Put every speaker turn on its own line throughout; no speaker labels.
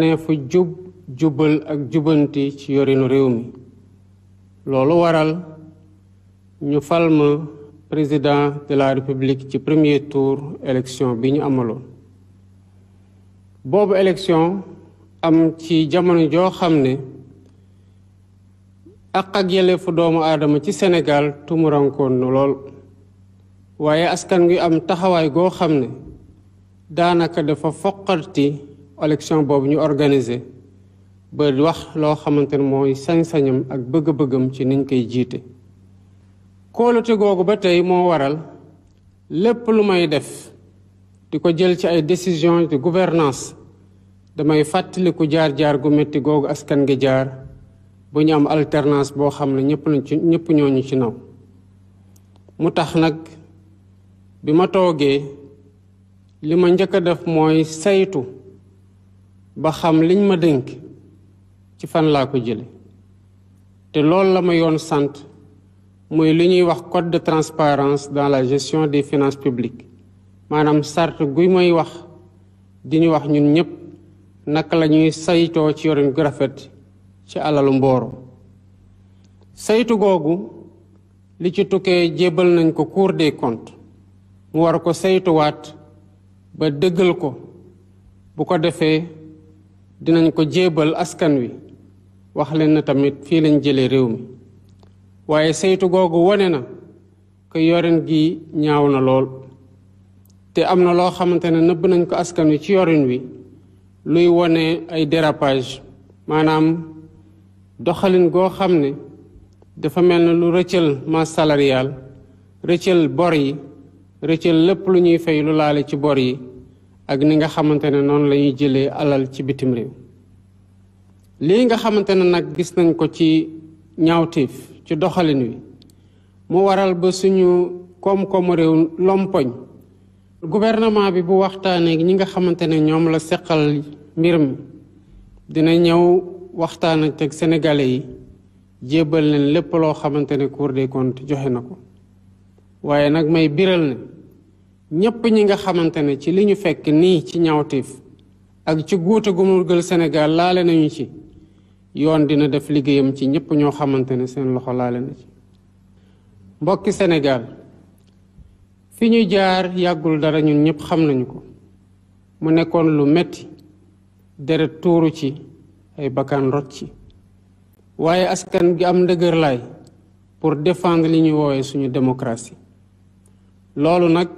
ne fu jub jubal ak jubanti ci yorinu réew mi loolu waral ñu fal président de la république ci premier tour élection bi ñu amaloon boobu élection am ci jamono joo xam ne ak ak yelleefu doomu aadama ci Sénégal tumurankoon nu lool waaye askan wi am taxawaay goo xam ne daanaka dafa foqarti élection boobu ñu organiser ba wax loo xamante ne mooy sañ-sañam ak bëgg-bëggam ci niñ koy jiite kóolute googu ba tey moo waral lépp lu may def di ko jël ci ay décision de gouvernance damay fàttaliku jaar-jaar gu métti googu askan gi jaar bu ñu am alternance boo xam ne ñëpp lañ ci ñëpp ñooñu ci naw mu tax nag bi ma toogee li ma njëkk a def mooy saytu ba xam liñ ma dénk ci fan laa ko jële te loolu la ma yoon sant mooy li ñuy wax code de transparence dans la gestion des finances publiques maanaam sart guy may wax di ñu wax ñun ñëpp naka la ñuy saytoo ci yorin gu rafet ci alalu mbooro saytu googu li ci tukkee jébbal nañ ko Cour de comptes mu war ko saytuwaat ba dëggal ko bu ko defee dinañ ko jéebal askan wi wax leen na tamit fii lañ jëlee réew mi waaye saytu googu wane na ko yorin gi ñaaw na lool te am na loo xamante ne nëbb nañ ko askan wi ci yorin wi luy wane ay dérapage maanaam doxalin goo xam ne dafa mel ne lu rëccal masse salariale rëccal bor yi rëccal lépp lu ñuy fay lu laale ci bor yi ak ni nga xamante ne noonu la ñuy jëlee alal ci bitim réew lii nga xamante ne nag gis nañ ko ci ñaawteef ci doxalin wi mu waral ba suñu koom-koomu réew lompoñ gouvernement bi bu waxtaaneek ñi nga xamante ne ñoom la seqal mbir mi dina ñëw waxtaan ak teg sénégalais yi jébbal leen lépp loo xamante ne cour des comptes joxe na ko waaye nag may biral ne ñépp ñi nga xamante ne ci li ñu fekk nii ci ñawteef ak ci guute gu murgal Sénégal laale nañu ci yoon dina def liggéeyam ci ñépp ñoo xamante ne seen loxo laale na ci mbokki Sénégal fi ñu jaar yàggul dara ñun ñépp xam nañu ko mu nekkoon lu metti deret tuuru ci ay bakkan rot ci waaye askan gi am ndëgër ndëgërlaay pour défendre li ñu woowee suñu démocratie loolu nag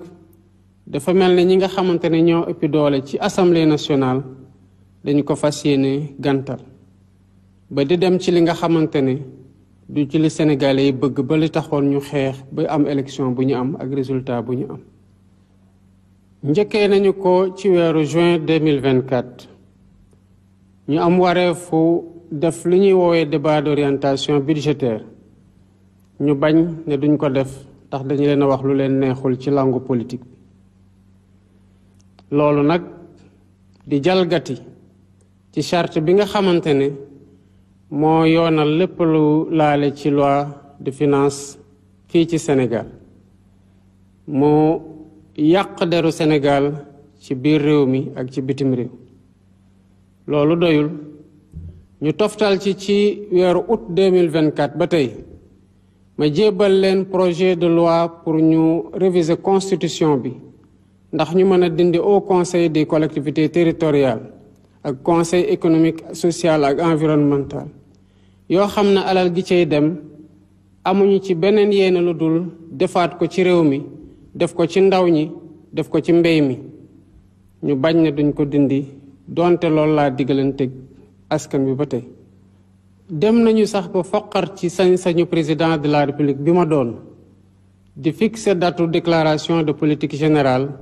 dafa mel ne ñi nga xamante ne ñoo ëpp doole ci assemblée nationale dañu ko fas yéene gàntal ba di dem ci li nga xamante ne du ci li sénégalais yi bëgg ba li taxoon ñu xeex ba am élection bu ñu am ak résultat bu ñu am. njëkkee nañu ko ci weeru juin 2024 ñu am wareefu def li ñuy woowee débat d'orientation budgétaire ñu bañ ne duñ ko def ndax dañu leen a wax lu leen neexul ci langue politique loolu nag di jalgati ci charte bi nga xamante ne moo yoonal lépp lu laale ci loi de finance fii ci senegal mu yàq deru Sénégal ci biir réew mi ak ci bitim réew loolu doyul ñu toftal ci ci weeru août 2024 ba tey ma jébbal leen projet de loi pour ñu réviser constitution bi ndax ñu mën a dindi au conseil des collectivité territoriales ak conseil économique social ak environnemental yoo xam ne alal gi cay dem amuñu ci beneen yéene lu dul defaat ko ci réew mi def ko ci ndaw ñi def ko ci mbéy mi ñu bañ ne duñ ko dindi donte loolu laa diggalanteeg askan bi ba tey dem nañu sax ba foqar ci sañ-sañu président de la république bi ma doon di fixer datu déclaration de politique général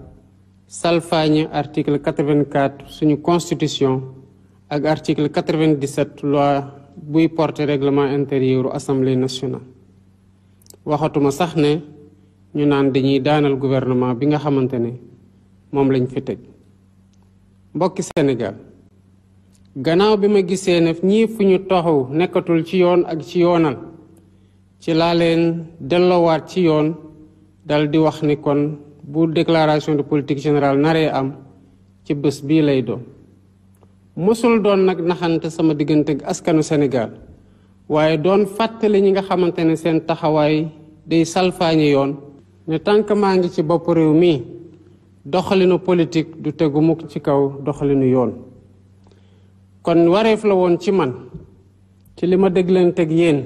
salfaañe article 84 suñu constitution ak article 97 loi buy porter règlement intérieur assemblée nationale waxatuma sax ne ñu naan dañuy daanal gouvernement bi nga xamante ne moom lañ fi teg mbokki Sénégal gannaaw bi ma gisee ne ñii fu ñu taxaw nekkatul ci yoon ak ci yoonal ci laa leen delloowaat ci yoon dal di wax ni kon bu déclaration de politique générale naree am ci bés bii lay doon mosul doon nag naxante sama diggante ak askanu Sénégal waaye doon fàttali ñi nga xamante ne seen taxawaay day salfaañi yoon ne tànk maa ngi ci bopp réew mi doxalinu politique du tegu mukk ci kaw doxalinu yoon kon wareef la woon ci man ci li ma déglanteeg yéen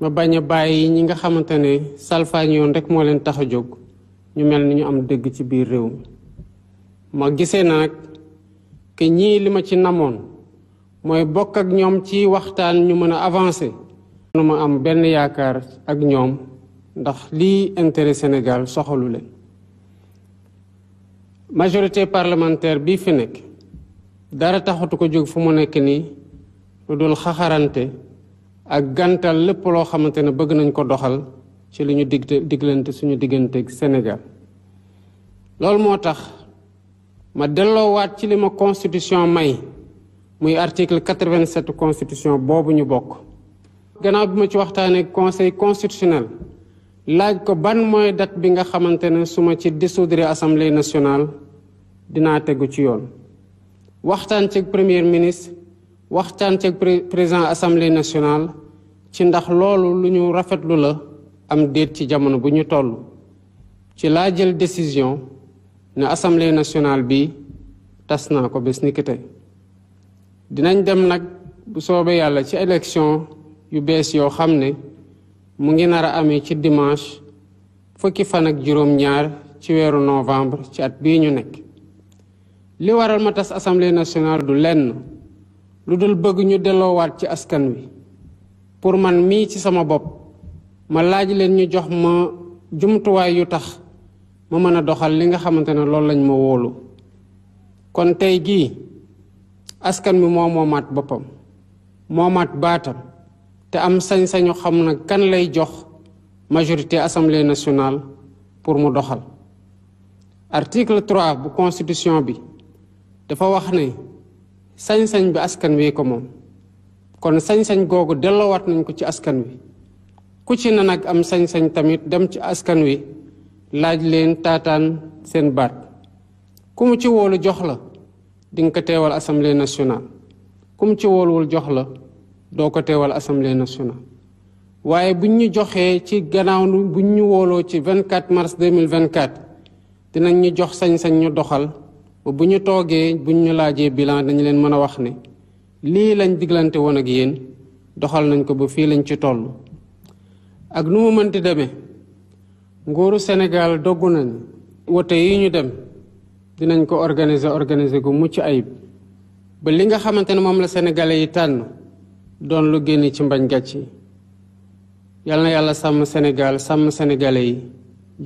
ma bañ a bàyyi ñi nga xamante ne salfaañi yoon rek moo leen tax a jóg ñu mel ni ñu am dégg ci biir réew mi ma gisee na nag ke ñii li ma ci namoon mooy bokk ak ñoom ci waxtaan ñu mën a avancé nu ma am benn yaakaar ak ñoom ndax lii intérêt Sénégal soxalu leen majorité parlementaire bii fi nekk dara taxatu ko jóg fu mu nekk nii lu dul xaxarante ak gàntal lépp loo xamante ne bëgg nañ ko doxal ci li ñu dig diglante suñu digganteeg Sénégal loolu moo tax ma delloowaat ci li ma constitution may muy article 87 constitution boobu ñu bokk gannaaw bi ma ci waxtaanee conseil constitutionnel laaj ko ban mooy date bi nga xamante ne su ma ci dissoudre assemblée nationale dinaa tegu ci yoon waxtaan ceeg premier ministre waxtaan ceeg président assemblée nationale ci ndax loolu lu ñu rafetlu la am déet ci jamono bu ñu toll ci laa jël décision ne assemblée nationale bi tas naa ko bés ni ki dinañ dem nag bu soobee yàlla ci élection yu bees yoo xam ne mu ngi nar a amee ci dimanche fukki fan ak juróom-ñaar ci weeru novembre ci at bii ñu nekk li waral ma tas assemblée nationale du lenn lu dul bëgg ñu delloowaat ci askan wi pour man mii ci sama bopp ma laaj leen ñu jox ma jumtuwaay yu tax ma mën a doxal li nga xamante ne loolu lañ ma wóolu kon tey jii askan wi moo moomaat boppam moomaat baatam te am sañ-sañu xam na kan lay jox majorité assemblée nationale pour mu doxal article 3 bu constitution bi dafa wax ne sañ-sañ bi askan wi ko moom kon sañ-sañ googu delloowaat nañ ko ci askan wi ku ci na nag am sañ-sañ tamit dem ci askan wi laaj leen taataan seen baat ku ci woolu jox la di nga ko teewal assemblée nationale ku ci wooluwul jox la doo ko teewal assamble nationale waaye buñ ñu joxee ci gannaaw buñ ñu wooloo ci 24 mars 2024 dinañ ñu jox sañ-sañ ñu doxal ba bu ñu toogee buñ ñu laajee bilan dañu leen mën a wax ne lii lañ diglante woon ak yéen doxal nañ ko ba fii lañ ci toll ak nu mu mënti demee nguuru Sénégal doggu nañu wote yi ñu dem dinañ ko organiser organiser gu mucc ayib ba li nga xamante ne moom la sénégalais yi tànn doon lu génn ci mbañ gàcc yi yal na yàlla sàmm Sénégal sàmm sénégalais yi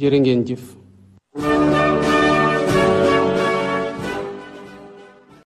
jërë ngeen jëf